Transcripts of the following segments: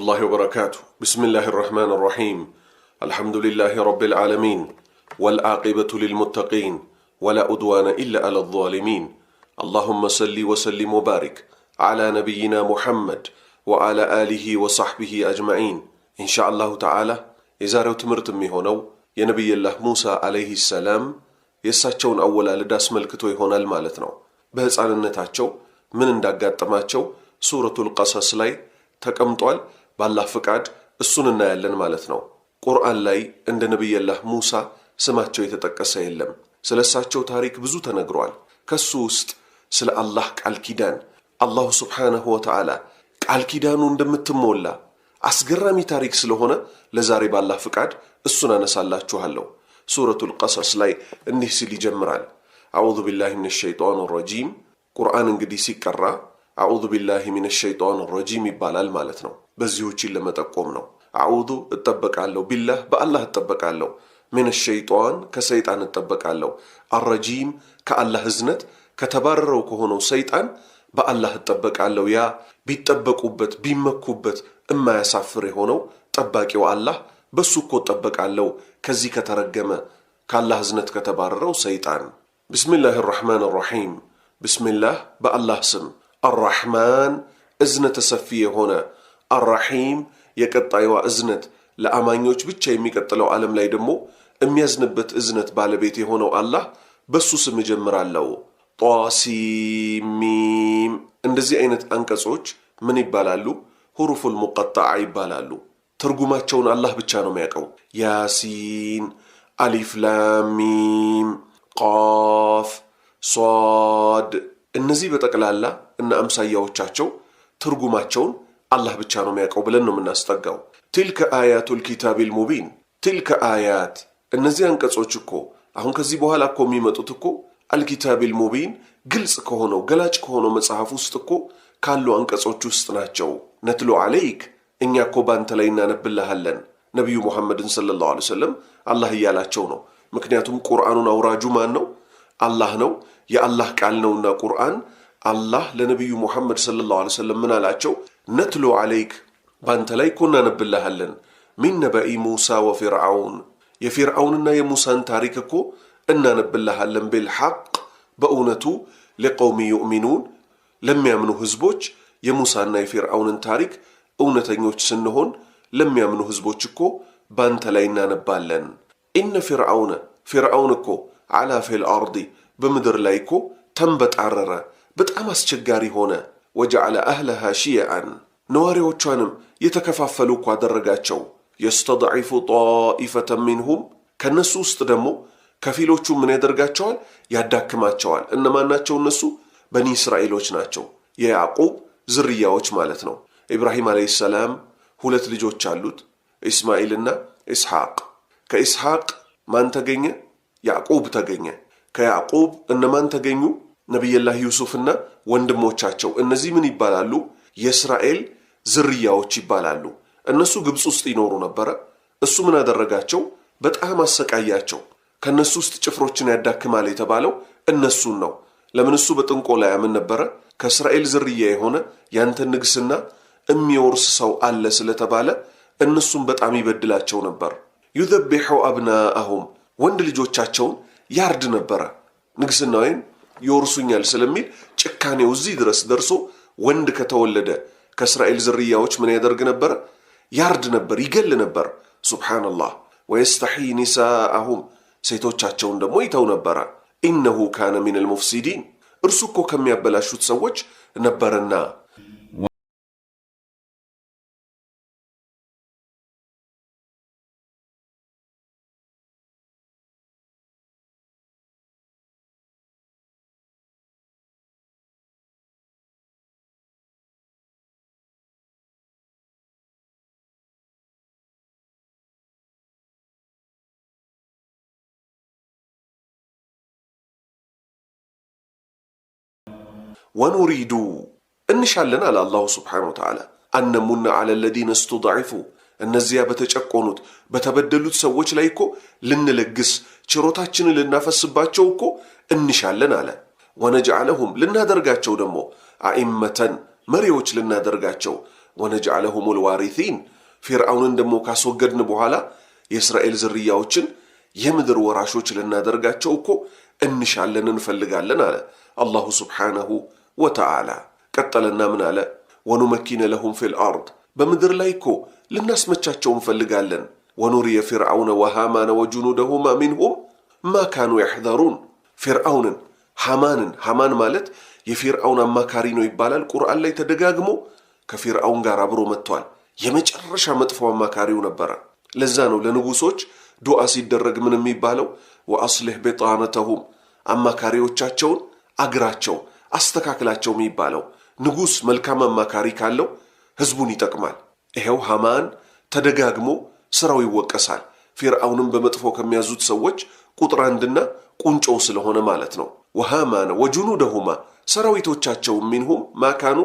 الله وبركاته بسم الله الرحمن الرحيم الحمد لله رب العالمين والعاقبة للمتقين ولا أدوان إلا على الظالمين اللهم صل وسلم وبارك على نبينا محمد وعلى آله وصحبه أجمعين إن شاء الله تعالى إذا رو تمرت ميهونو የነቢይ ላህ ሙሳ አለይሂ ሰላም የእሳቸውን አወላለድ አስመልክቶ ይሆናል ማለት ነው። من ምን تماتشو سورة القصص لي تكمتوال ባላህ ፍቃድ እሱን እናያለን ማለት ነው። ቁርአን ላይ እንደ ነቢየላህ ሙሳ ስማቸው የተጠቀሰ የለም። ስለ እሳቸው ታሪክ ብዙ ተነግሯል። ከሱ ውስጥ ስለ አላህ ቃል ኪዳን አላሁ ስብሓንሁ ወተዓላ ቃል ኪዳኑ እንደምትሞላ አስገራሚ ታሪክ ስለሆነ ለዛሬ ባላህ ፍቃድ እሱን አነሳላችኋለሁ። ሱረቱል ቀሰስ ላይ እንዲህ ሲል ይጀምራል። አዑዙ ቢላሂ ምን ሸይጣን ረጂም። ቁርአን እንግዲህ ሲቀራ አዑዙ ቢላሂ ሚነ ሸይጣን ረጂም ይባላል ማለት ነው። በዚሁችን ለመጠቆም ነው። አዑዙ እጠበቃለሁ፣ ቢላህ በአላህ እጠበቃለሁ፣ ሚነ ሸይጣን ከሰይጣን እጠበቃለሁ፣ አረጂም ከአላህ እዝነት ከተባረረው ከሆነው ሰይጣን በአላህ እጠበቃለሁ። ያ ቢጠበቁበት ቢመኩበት እማያሳፍር የሆነው ጠባቂው አላህ በሱ እኮ እጠበቃለሁ ከዚህ ከተረገመ ከአላህ እዝነት ከተባረረው ሰይጣን። ብስሚላህ ራሕማን ራሒም ብስሚላህ በአላህ ስም አራሕማን እዝነተ ተሰፊ የሆነ አራሒም የቀጣይዋ እዝነት ለአማኞች ብቻ የሚቀጥለው ዓለም ላይ ደግሞ የሚያዝንበት እዝነት ባለቤት የሆነው አላህ በሱ ስም እጀምራለሁ። ጧሲሚም እንደዚህ አይነት አንቀጾች ምን ይባላሉ? ሁሩፉል ሙቀጣዓ ይባላሉ። ትርጉማቸውን አላህ ብቻ ነው የሚያውቀው። ያሲን፣ አሊፍላሚም፣ ቃፍ፣ ሷድ እነዚህ በጠቅላላ እና አምሳያዎቻቸው ትርጉማቸውን አላህ ብቻ ነው የሚያውቀው ብለን ነው የምናስጠጋው። ትልከ አያቱ ልኪታብ ልሙቢን ቲልከ አያት እነዚህ አንቀጾች እኮ አሁን ከዚህ በኋላ እኮ የሚመጡት እኮ አልኪታብ ልሙቢን ግልጽ ከሆነው ገላጭ ከሆነው መጽሐፍ ውስጥ እኮ ካሉ አንቀጾች ውስጥ ናቸው። ነትሎ አለይክ እኛ እኮ ባንተ ላይ እናነብልሃለን። ነቢዩ ሙሐመድን ሰለላሁ ዐለይሂ ወሰለም አላህ እያላቸው ነው። ምክንያቱም ቁርአኑን አውራጁ ማን ነው? አላህ ነው፣ የአላህ ቃል ነውና ቁርአን። አላህ ለነቢዩ ሙሐመድ ሰለላሁ ዐለይሂ ወሰለም ምን አላቸው? ነትሎ ዐለይክ ባንተ ላይ እኮ እናነብልሃለን ሚን ነበኢ ሙሳ ወፊርዓውን የፊርዓውንና የሙሳን ታሪክ እኮ እናነብልሃለን ቢልሐቅ በእውነቱ ለቀውሚ ዩእሚኑን ለሚያምኑ ህዝቦች የሙሳና የፊርዓውንን ታሪክ እውነተኞች ስንሆን ለሚያምኑ ህዝቦች እኮ ባንተ ላይ እናነባለን። ኢነ ፊርዓውነ ፊርዓውን እኮ አላ ፊል አርዲ በምድር ላይ እኮ ተንበጣረረ፣ በጣም አስቸጋሪ ሆነ። ወጀዐለ አህለሃ ሽየአን ነዋሪዎቿንም የተከፋፈሉ እኮ አደረጋቸው። የስተድዒፉ ጣኢፈተን ሚንሁም ከእነሱ ውስጥ ደግሞ ከፊሎቹ ምን ያደርጋቸዋል? ያዳክማቸዋል። እነማን ናቸው እነሱ? በኒ እስራኤሎች ናቸው፣ የያዕቁብ ዝርያዎች ማለት ነው። ኢብራሂም ዓለይሂ ሰላም ሁለት ልጆች አሉት፣ ኢስማኤልና ኢስሐቅ። ከኢስሐቅ ማን ተገኘ? ያዕቆብ ተገኘ። ከያዕቆብ እነማን ተገኙ? ነቢየላህ ዩሱፍና ወንድሞቻቸው። እነዚህ ምን ይባላሉ? የእስራኤል ዝርያዎች ይባላሉ። እነሱ ግብፅ ውስጥ ይኖሩ ነበረ። እሱ ምን አደረጋቸው? በጣም አሰቃያቸው። ከእነሱ ውስጥ ጭፍሮችን ያዳክማል የተባለው እነሱን ነው። ለምን? እሱ በጥንቆላ ያምን ነበረ። ከእስራኤል ዝርያ የሆነ ያንተ ንግስና እሚወርስ ሰው አለ ስለተባለ እነሱን በጣም ይበድላቸው ነበር። ዩዘቢሑ አብናአሁም ወንድ ልጆቻቸውን ያርድ ነበረ። ንግስናዬን ይወርሱኛል ስለሚል ጭካኔው እዚህ ድረስ ደርሶ ወንድ ከተወለደ ከእስራኤል ዝርያዎች ምን ያደርግ ነበር? ያርድ ነበር፣ ይገል ነበር። ሱብሓነላህ። ወየስተሒ ኒሳአሁም ሴቶቻቸውን ደግሞ ይተው ነበረ። ኢነሁ ካነ ሚነል ሙፍሲዲን እርሱ እኮ ከሚያበላሹት ሰዎች ነበርና ወኑሪዱ እንሻለን አለ አላሁ ስብሓነሁ ወተዓላ አነሙና አለ ለዚነ ስተድዒፉ እነዚያ በተጨቆኑት በተበደሉት ሰዎች ላይ እኮ ልንለግስ ችሮታችንን ልናፈስባቸው እኮ እንሻለን አለ። ወነጅዓለሁም ልናደርጋቸው ደግሞ አኢመተን መሪዎች ልናደርጋቸው ወነጅዓለሁም ልዋሪቲን ፊርዓውንን ደግሞ ካስወገድን በኋላ የእስራኤል ዝርያዎችን የምድር ወራሾች ልናደርጋቸው እኮ እንሻለን እንፈልጋለን አለ አላሁ ስብሓነሁ ወተዓላ ቀጠለና ምን አለ ወኑመኪነ ለሁም ፊል አርድ በምድር ላይ እኮ ልናስመቻቸው እንፈልጋለን ወኑሪየ ፊርዓውነ ወሃማነ ወጁኑደሁማ ሚንሁም ማ ካኑ ያሕዘሩን ፊርዓውንን ሃማንን ሃማን ማለት የፊርዓውን አማካሪ ነው ይባላል ቁርአን ላይ ተደጋግሞ ከፊርዓውን ጋር አብሮ መጥቷል የመጨረሻ መጥፎ አማካሪው ነበረ ለዛ ነው ለንጉሶች ዱዓ ሲደረግ ምን የሚባለው ወአስልሕ ቤጣነተሁም አማካሪዎቻቸውን አግራቸው አስተካክላቸው የሚባለው ንጉሥ መልካም አማካሪ ካለው ህዝቡን ይጠቅማል። ይኸው ሐማን ተደጋግሞ ሥራው ይወቀሳል። ፊርዓውንም በመጥፎ ከሚያዙት ሰዎች ቁጥር አንድና ቁንጮ ስለሆነ ማለት ነው። ወሃማነ ወጁኑደሁማ ሰራዊቶቻቸው ሚንሁም ማካኑ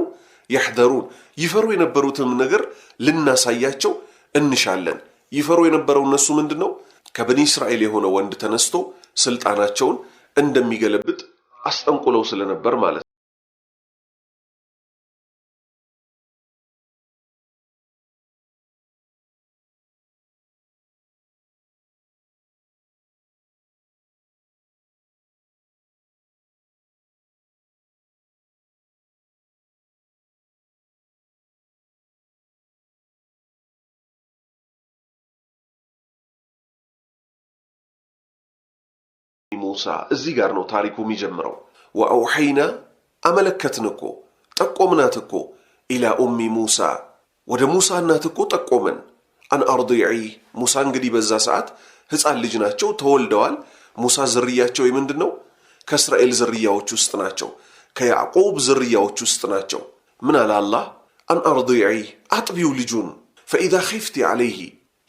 ያሕደሩን ይፈሩ የነበሩትም ነገር ልናሳያቸው እንሻለን። ይፈሩ የነበረው እነሱ ምንድን ነው? ከበኒ እስራኤል የሆነ ወንድ ተነስቶ ስልጣናቸውን እንደሚገለብጥ አስጠንቁለው ስለነበር ማለት ነው። ሙሳ እዚህ ጋር ነው ታሪኩ የሚጀምረው። ወአውሐይና አመለከትን እኮ ጠቆምናት እኮ ኢላ ኡሚ ሙሳ ወደ ሙሳ እናት እኮ ጠቆምን። አን አርዲዒ ሙሳ እንግዲህ በዛ ሰዓት ሕፃን ልጅ ናቸው፣ ተወልደዋል። ሙሳ ዝርያቸው የምንድን ነው? ከእስራኤል ዝርያዎች ውስጥ ናቸው፣ ከያዕቆብ ዝርያዎች ውስጥ ናቸው። ምን አለ አላህ? አን አርዲዒ አጥቢው ልጁን ፈኢዛ ኺፍቲ ዓለይህ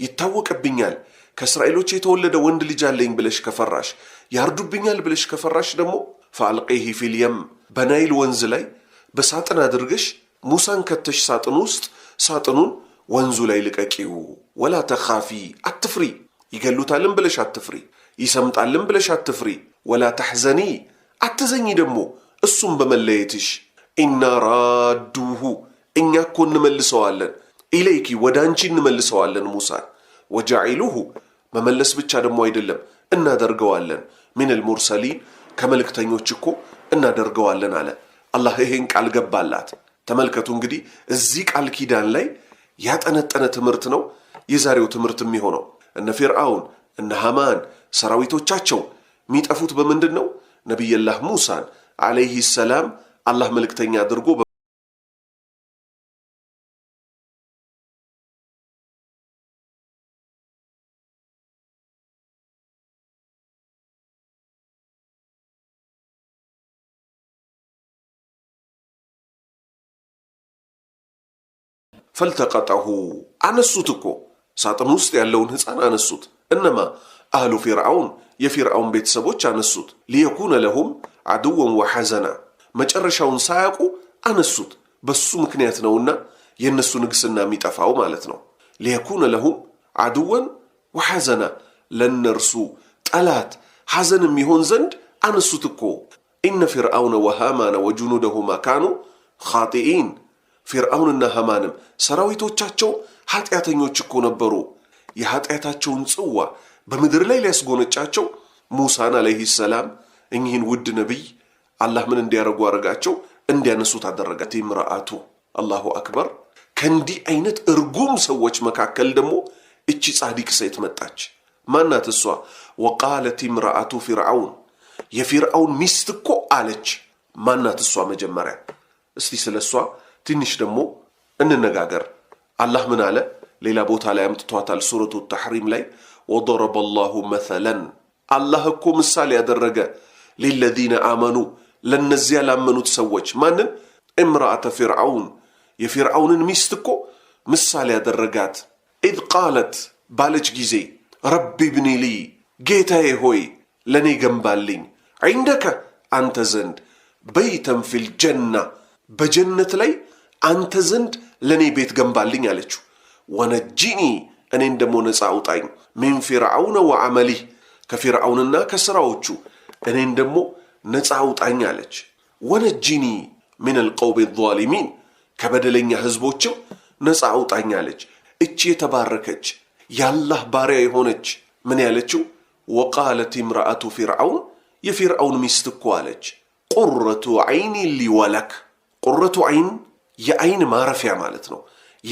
ይታወቅብኛል፣ ከእስራኤሎች የተወለደ ወንድ ልጅ አለኝ ብለሽ ከፈራሽ፣ ያርዱብኛል ብለሽ ከፈራሽ ደግሞ ፈአልቂሂ ፊልየም በናይል ወንዝ ላይ በሳጥን አድርገሽ ሙሳን ከተሽ ሳጥን ውስጥ ሳጥኑን ወንዙ ላይ ልቀቂው። ወላ ተኻፊ አትፍሪ። ይገሉታልም ብለሽ አትፍሪ። ይሰምጣልም ብለሽ አትፍሪ። ወላ ተሕዘኒ አትዘኝ ደግሞ እሱም በመለየትሽ ኢና ራዱሁ እኛ እኮ እንመልሰዋለን ኢለይኪ ወደ አንቺ እንመልሰዋለን ሙሳን ወጃዒሉሁ መመለስ ብቻ ደግሞ አይደለም እናደርገዋለን ሚነል ሙርሰሊን ከመልእክተኞች እኮ እናደርገዋለን አለ አላህ ይሄን ቃል ገባላት ተመልከቱ እንግዲህ እዚህ ቃል ኪዳን ላይ ያጠነጠነ ትምህርት ነው የዛሬው ትምህርት የሚሆነው እነ ፊርዓውን እነ ሃማን ሰራዊቶቻቸው የሚጠፉት በምንድን ነው ነቢየላህ ሙሳን አለይህ ሰላም አላህ መልእክተኛ አድርጎ ፈልተቀጠሁ አነሱት እኮ ሳጥኑ ውስጥ ያለውን ሕፃን አነሱት። እነማ አህሉ ፊርዓውን የፊርአውን ቤተሰቦች አነሱት። ሊየኩነ ለሁም አድወን ወሐዘና መጨረሻውን ሳያውቁ አነሱት። በሱ ምክንያት ነውና የእነሱ ንግስና የሚጠፋው ማለት ነው። ሊየኩነ ለሁም አድወን ወሐዘና ለነርሱ ጠላት ሐዘን የሚሆን ዘንድ አነሱት እኮ ኢነ ፊርዓውነ ወሃማነ ወጁኑደሁማ ካኑ ኻጢኢን ፊርአውንና ሐማንም ሰራዊቶቻቸው ኃጢአተኞች እኮ ነበሩ። የኃጢአታቸውን ጽዋ በምድር ላይ ሊያስጎነጫቸው ሙሳን አለይህ ሰላም እኚህን ውድ ነቢይ አላህ ምን እንዲያደርጉ አረጋቸው? እንዲያነሱት አደረጋት። ምርአቱ አላሁ አክበር። ከእንዲህ አይነት እርጉም ሰዎች መካከል ደግሞ እቺ ጻዲቅ ሴት መጣች። ማናት እሷ? ወቃለት ምርአቱ ፊርአውን፣ የፊርዓውን ሚስት እኮ አለች። ማናት እሷ? መጀመሪያ እስቲ ስለ እሷ ትንሽ ደግሞ እንነጋገር። አላህ ምን አለ? ሌላ ቦታ ላይ አምጥቷታል። ሱረቱ ተሕሪም ላይ ወደረበ ላሁ መሰለን፣ አላህ እኮ ምሳሌ ያደረገ ሊለዚነ አመኑ፣ ለነዚያ ላመኑት ሰዎች ማንን? እምራአተ ፊርዓውን፣ የፊርዓውንን ሚስት እኮ ምሳሌ ያደረጋት። ኢዝ ቃለት ባለች ጊዜ ረቢ ብኒ ሊ፣ ጌታዬ ሆይ ለእኔ ገንባልኝ፣ ዒንደከ አንተ ዘንድ በይተን ፊል ጀና፣ በጀነት ላይ አንተ ዘንድ ለእኔ ቤት ገንባልኝ አለችው። ወነጂኒ እኔን ደግሞ ነፃ አውጣኝ ሚን ፊርአውነ ወዐመሊህ ከፊርአውንና ከሥራዎቹ እኔን ደግሞ ነፃ አውጣኝ አለች። ወነጂኒ ሚን አልቀውም ዛሊሚን ከበደለኛ ህዝቦችም ነፃ አውጣኝ አለች። እቺ የተባረከች ያላህ ባሪያ የሆነች ምን ያለችው ወቃለት ምርአቱ ፊርዓውን የፊርአውን ሚስት እኮ አለች ቁረቱ ዐይኒ ሊወለክ ቁረቱ ዐይን የአይን ማረፊያ ማለት ነው።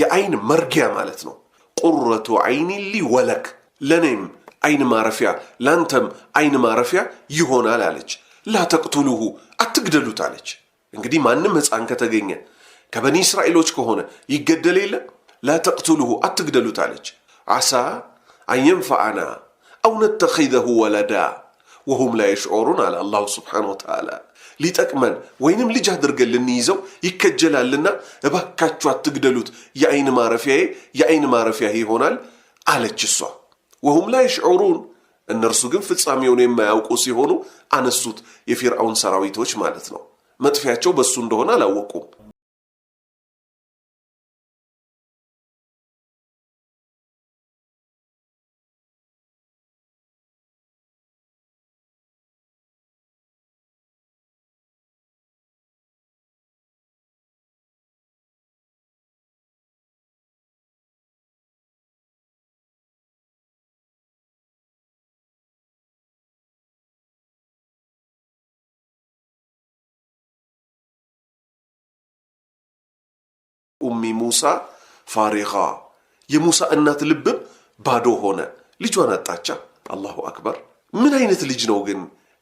የአይን መርጊያ ማለት ነው። ቁረቱ አይኒ ሊ ወለክ ለእኔም አይን ማረፊያ ላንተም አይን ማረፊያ ይሆናል አለች። ላተቅቱሉሁ አትግደሉት አለች። እንግዲህ ማንም ሕፃን ከተገኘ ከበኒ እስራኤሎች ከሆነ ይገደል የለ ላተቅቱሉሁ አትግደሉት አለች። ዓሳ አንየንፈዓና አው ነተኺዘሁ ወለዳ ወሁም ላ የሽዑሩን አለ አላሁ ስብሓነሁ ወተዓላ ሊጠቅመን ወይንም ልጅ አድርገን ልንይዘው ይከጀላልና እባካችሁ አትግደሉት፣ የአይን ማረፊያዬ የአይን ማረፊያ ይሆናል አለች እሷ። ወሁም ላይ ሽዑሩን እነርሱ ግን ፍጻሜውን የማያውቁ ሲሆኑ አነሱት። የፊርአውን ሰራዊቶች ማለት ነው። መጥፊያቸው በሱ እንደሆነ አላወቁም። ኡሚ ሙሳ ፋሪኻ የሙሳ እናት ልብም ባዶ ሆነ፣ ልጇን አጣቻ። አላሁ አክበር! ምን አይነት ልጅ ነው ግን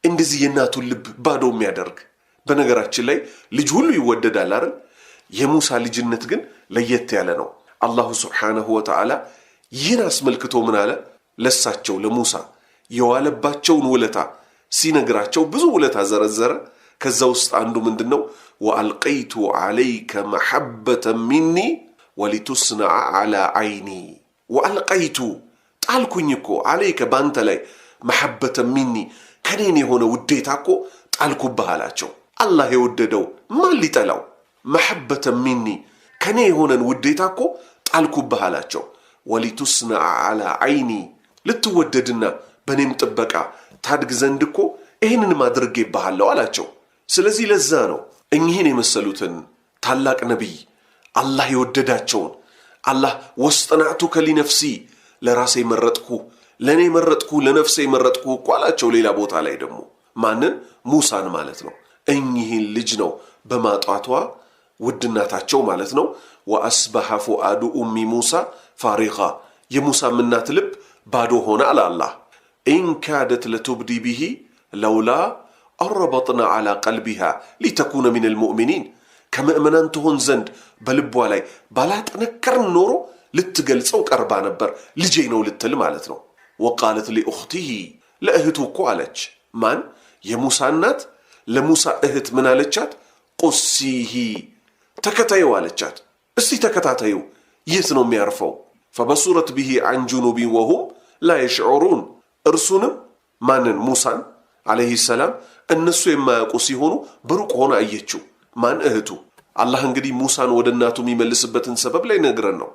እንደዚህ የእናቱን ልብ ባዶ የሚያደርግ? በነገራችን ላይ ልጅ ሁሉ ይወደዳል አይደል? የሙሳ ልጅነት ግን ለየት ያለ ነው። አላሁ ስብሓነሁ ወተዓላ ይህን አስመልክቶ ምን አለ? ለሳቸው ለሙሳ የዋለባቸውን ውለታ ሲነግራቸው ብዙ ውለታ ዘረዘረ። ከዛ ውስጥ አንዱ ምንድን ነው ወአልቀይቱ ዓለይከ መሐበተ ሚኒ ወሊቱስነዐ ዓላ ዓይኒ። ወአልቀይቱ ጣልኩኝ እኮ ዓለይከ ባንተ ላይ መሐበተ ሚኒ ከኔን የሆነ ውዴታ እኮ ጣልኩብህ አላቸው አላህ የወደደው ማን ሊጠላው መሐበተ ሚኒ ከኔ የሆነን ውዴታ እኮ ጣልኩብህ አላቸው ወሊቱስነዐ ዓላ ዓይኒ፣ ልትወደድና በእኔም ጥበቃ ታድግ ዘንድ እኮ ይህንን አድርጌብሃለሁ አላቸው ስለዚህ ለዛ ነው እኚህን የመሰሉትን ታላቅ ነቢይ አላህ የወደዳቸውን አላህ ወስጠናዕቱ ከሊነፍሲ ለራሴ መረጥኩ፣ ለእኔ መረጥኩ፣ ለነፍሴ መረጥኩ እኮ አላቸው። ሌላ ቦታ ላይ ደግሞ ማንን? ሙሳን ማለት ነው። እኚህን ልጅ ነው በማጧቷ ውድናታቸው ማለት ነው። ወአስበሐ ፉአዱ ኡሚ ሙሳ ፋሪኻ የሙሳም እናት ልብ ባዶ ሆነ አላላህ ኢንካደት ለቱብዲ ቢሂ ለውላ أربطنا على قلبها لتكون من المؤمنين كما أنت هون زند بلبو علي بلا تنكر النورو لتقل سوك اربع نبر لجينا ولتل مالتنو وقالت لأخته لأهتو كوالج من؟ يا موسى النات؟ لموسى أهت من الجات؟ قصيه تكتايو الجات استي تكتاتايو يتنو ميارفو فبصورت به عن جنوب وهم لا يشعرون ارسون مانن موسان አለይህ ሰላም እነሱ የማያውቁ ሲሆኑ በሩቅ ሆነ አየችው። ማን እህቱ። አላህ እንግዲህ ሙሳን ወደ እናቱ የሚመልስበትን ሰበብ ላይ ነግረን ነው።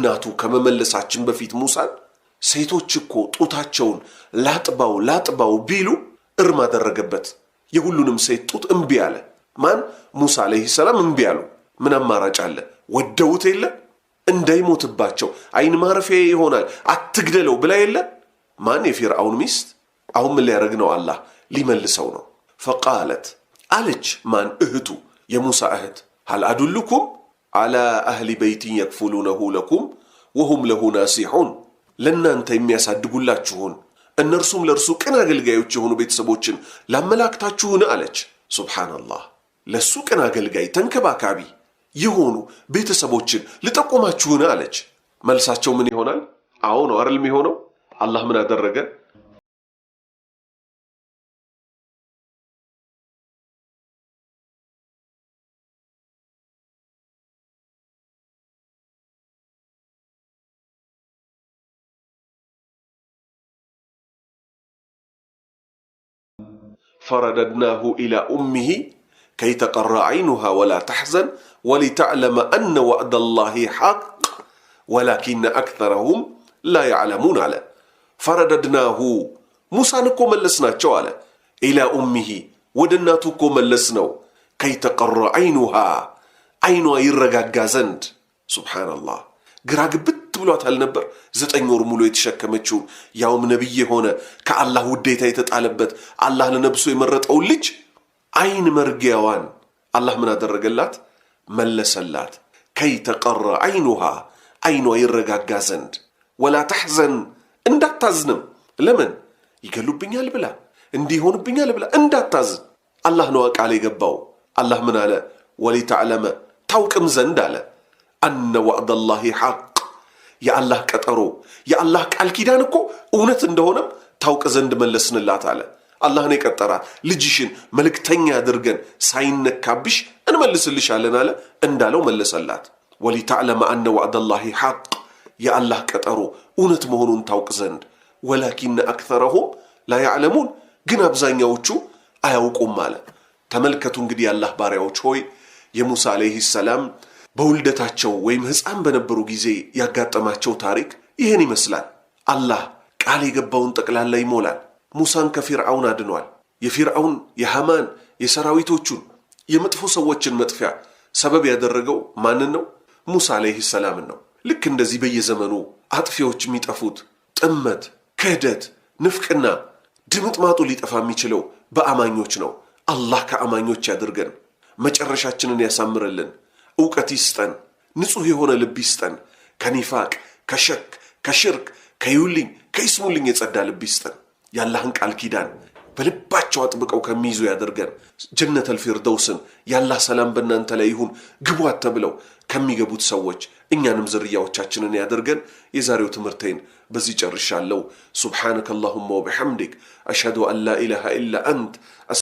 እናቱ ከመመለሳችን በፊት ሙሳን ሴቶች እኮ ጡታቸውን ላጥባው ላጥባው ቢሉ እርም አደረገበት። የሁሉንም ሴት ጡት እምቢ አለ። ማን? ሙሳ ዓለይሂ ሰላም እምቢ አሉ። ምን አማራጭ አለ? ወደውት የለ እንዳይሞትባቸው አይን ማረፊያ ይሆናል አትግደለው ብላ የለ ማን? የፊርአውን ሚስት። አሁን ምን ሊያደርግ ነው? አላህ ሊመልሰው ነው። ፈቃለት አለች። ማን? እህቱ፣ የሙሳ እህት ሀል አዱልኩም አላ አህሊ በይቲን የክፍሉነሁ ለኩም ወሁም ለሁ ናሲሑን ለእናንተ የሚያሳድጉላችሁን እነርሱም ለእርሱ ቅን አገልጋዮች የሆኑ ቤተሰቦችን ላመላክታችሁን አለች። ሱብሓነላህ ለእሱ ቅን አገልጋይ ተንከባካቢ የሆኑ ቤተሰቦችን ልጠቁማችሁን አለች። መልሳቸው ምን ይሆናል? አዎ ነው አርልም የሆነው አላህ ምን አደረገ? فرددناه إلى أمه كي تقر عينها ولا تحزن ولتعلم أن وعد الله حق ولكن أكثرهم لا يعلمون على فرددناه موسى نكو ملسنا على إلى أمه ودناتكو ملسنو كي تقر عينها عينها يرقى زند سبحان الله قراق ብሏታል ነበር። ዘጠኝ ወር ሙሉ የተሸከመችውን ያውም ነቢይ የሆነ ከአላህ ውዴታ የተጣለበት አላህ ለነብሶ የመረጠውን ልጅ አይን መርጊያዋን አላህ ምን አደረገላት? መለሰላት። ከይ ተቀረ አይኑሃ አይኗ ይረጋጋ ዘንድ ወላ ተሕዘን እንዳታዝንም። ለምን ይገሉብኛል ብላ እንዲሆንብኛል ብላ እንዳታዝን አላህ ነዋ ቃል የገባው። አላህ ምን አለ? ወሊተዕለመ ታውቅም ዘንድ አለ አነ ዋዕደላሂ ሐቅ የአላህ ቀጠሮ የአላህ ቃል ኪዳን እኮ እውነት እንደሆነም ታውቅ ዘንድ መለስንላት አለ። አላህን የቀጠራት ልጅሽን መልእክተኛ አድርገን ሳይነካብሽ እንመልስልሻለን አለ። እንዳለው መለሰላት። ወሊተዕለመ አነ ዋዕደላሂ ሐቅ የአላህ ቀጠሮ እውነት መሆኑን ታውቅ ዘንድ ወላኪነ አክተረሁም ላያዕለሙን ግን አብዛኛዎቹ አያውቁም አለ። ተመልከቱ እንግዲህ የአላህ ባሪያዎች ሆይ የሙሳ ዓለይህ ሰላም በውልደታቸው ወይም ሕፃን በነበሩ ጊዜ ያጋጠማቸው ታሪክ ይህን ይመስላል። አላህ ቃል የገባውን ጠቅላላ ይሞላል። ሙሳን ከፊርዓውን አድኗል። የፊርዓውን፣ የሐማን፣ የሰራዊቶቹን የመጥፎ ሰዎችን መጥፊያ ሰበብ ያደረገው ማንን ነው? ሙሳ ዓለይህ ሰላምን ነው። ልክ እንደዚህ በየዘመኑ አጥፊዎች የሚጠፉት ጥመት፣ ክህደት፣ ንፍቅና ድምጥማጡ ሊጠፋ የሚችለው በአማኞች ነው። አላህ ከአማኞች ያድርገን፣ መጨረሻችንን ያሳምርልን። እውቀት ይስጠን፣ ንጹህ የሆነ ልብ ይስጠን። ከኒፋቅ ከሸክ ከሽርክ ከይውልኝ ከይስሙልኝ የጸዳ ልብ ይስጠን። ያላህን ቃል ኪዳን በልባቸው አጥብቀው ከሚይዙ ያደርገን። ጀነተል ፊርደውስን ያላህ ሰላም በእናንተ ላይ ይሁን ግቧት ተብለው ከሚገቡት ሰዎች እኛንም ዝርያዎቻችንን ያደርገን። የዛሬው ትምህርቴን በዚህ ጨርሻለሁ። ሱብሓነከ አላሁማ ወቢሐምዲክ አሽሀዱ አን ላ ኢላሃ ኢላ አንት